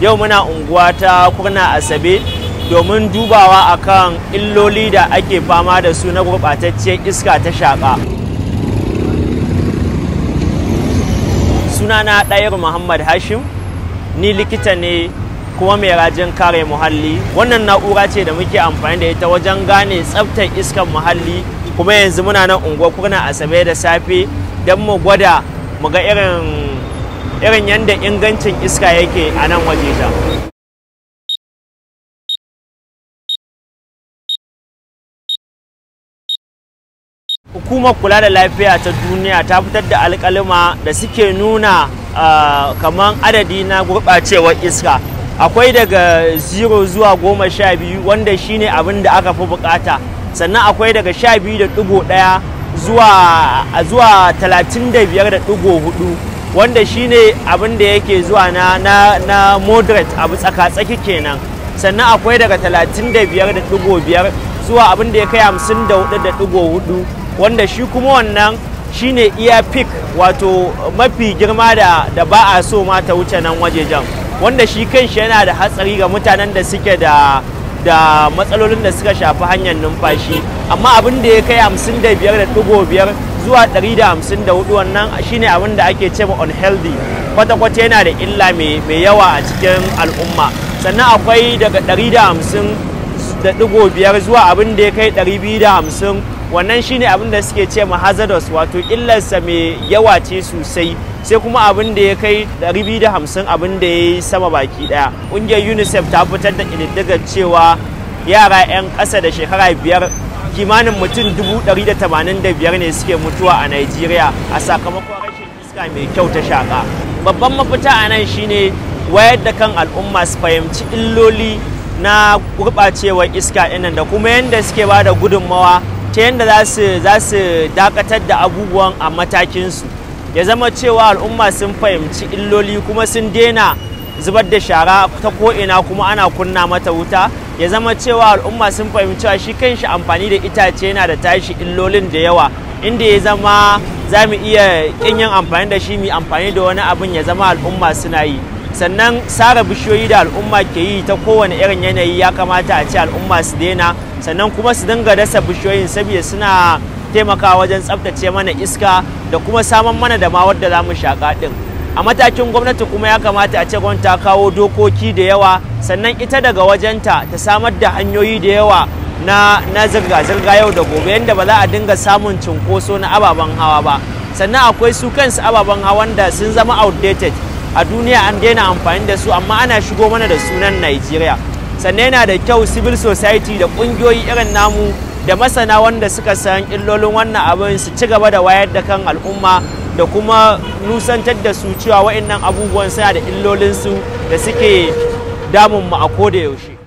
yau muna unguwa ta kurna asabe domin dubawa akan illoli da ake fama da su na gurɓatacciyar iska ta shaƙa sunana ɗayar muhammad hashim ni likita ne kuma mai rajin kare muhalli wannan na'ura ce da muke amfani da ita wajen gane tsaftar iskar muhalli kuma yanzu muna nan unguwa kurna asabe da safe don mu gwada mu ga irin irin yadda ingancin iska yake a nan waje ta hukumar kula da lafiya ta duniya ta fitar da alkalima da suke nuna kamar adadi na gurɓacewar iska akwai daga 0 zuwa goma sha biyu wanda shine abin da aka fi bukata sannan akwai daga sha biyu da ɗigo ɗaya zuwa talatin da ɗigo hudu wanda shine abin da yake zuwa na na moderate abu tsaka-tsaki kenan sannan akwai daga 35.5 zuwa abin da ya kai 54.4 wanda shi kuma wannan shine iya peak wato mafi girma da da ba a so ma ta wuce nan wajejen wanda shi kanshi yana da hatsari ga mutanen da suke da da matsalolin da suka shafi hanyar numfashi amma abin da ya kai 55.5 zuwa 154 wannan shine abin da ake ce ma unhealthy kwata-kwata yana da illa mai yawa a cikin al'umma sannan akwai daga 150 da digo biyar zuwa abin da ya kai 250 wannan shine abin da suke ce hazardous wato illarsa mai yawa ce sosai sai kuma abin da ya kai 250 abin da ya yi sama baki daya ƙungiyar unicef ta fitar da cewa yara 'yan ƙasa da shekara biyar kimanin mutum 185 ne suke mutuwa a Najeriya a sakamakon rashin iska mai kyau ta shaka. Babban mafita a nan shine wayar da kan al'umma su fahimci illoli na gurɓacewar iska ɗinnan da kuma yadda suke ba da gudunmawa ta yadda za su dakatar da abubuwan a matakinsu ya zama cewa al'umma sun fahimci illoli kuma sun daina zubar da shara ta ko'ina kuma ana kunna mata wuta ya zama cewa al'umma sun fahimci cewa shi kanshi amfani da itace yana da tashi illolin da yawa inda ya zama za mu iya kinyan yin amfani da shi mu amfani da wani abin ya zama al'umma suna yi sannan sara bishiyoyi da al'umma ke yi ta kowane irin yanayi ya kamata a ce al'umma su daina sannan kuma su dinga dasa bishiyoyin saboda suna taimakawa wajen tsaftace mana iska da kuma saman mana da ma wadda za mu shaƙa ɗin a matakin gwamnati kuma ya kamata a ce gwamnati ta kawo dokoki da yawa sannan ita daga wajenta ta samar da hanyoyi da yawa na, na zirga-zirga yau da gobe yanda ba za a dinga samun cinkoso na ababen hawa ba sannan akwai su kansu ababen hawa wanda sun zama outdated a duniya an daina amfani da su amma ana shigo mana da sunan Najeriya sannan yana da kyau civil society da kungiyoyi irin namu da masana wanda suka san illolin wannan abin su ci gaba da wayar da kan al'umma da kuma nusantar da su cewa waɗannan abubuwan suna da illolinsu da suke damun mu a koda yaushe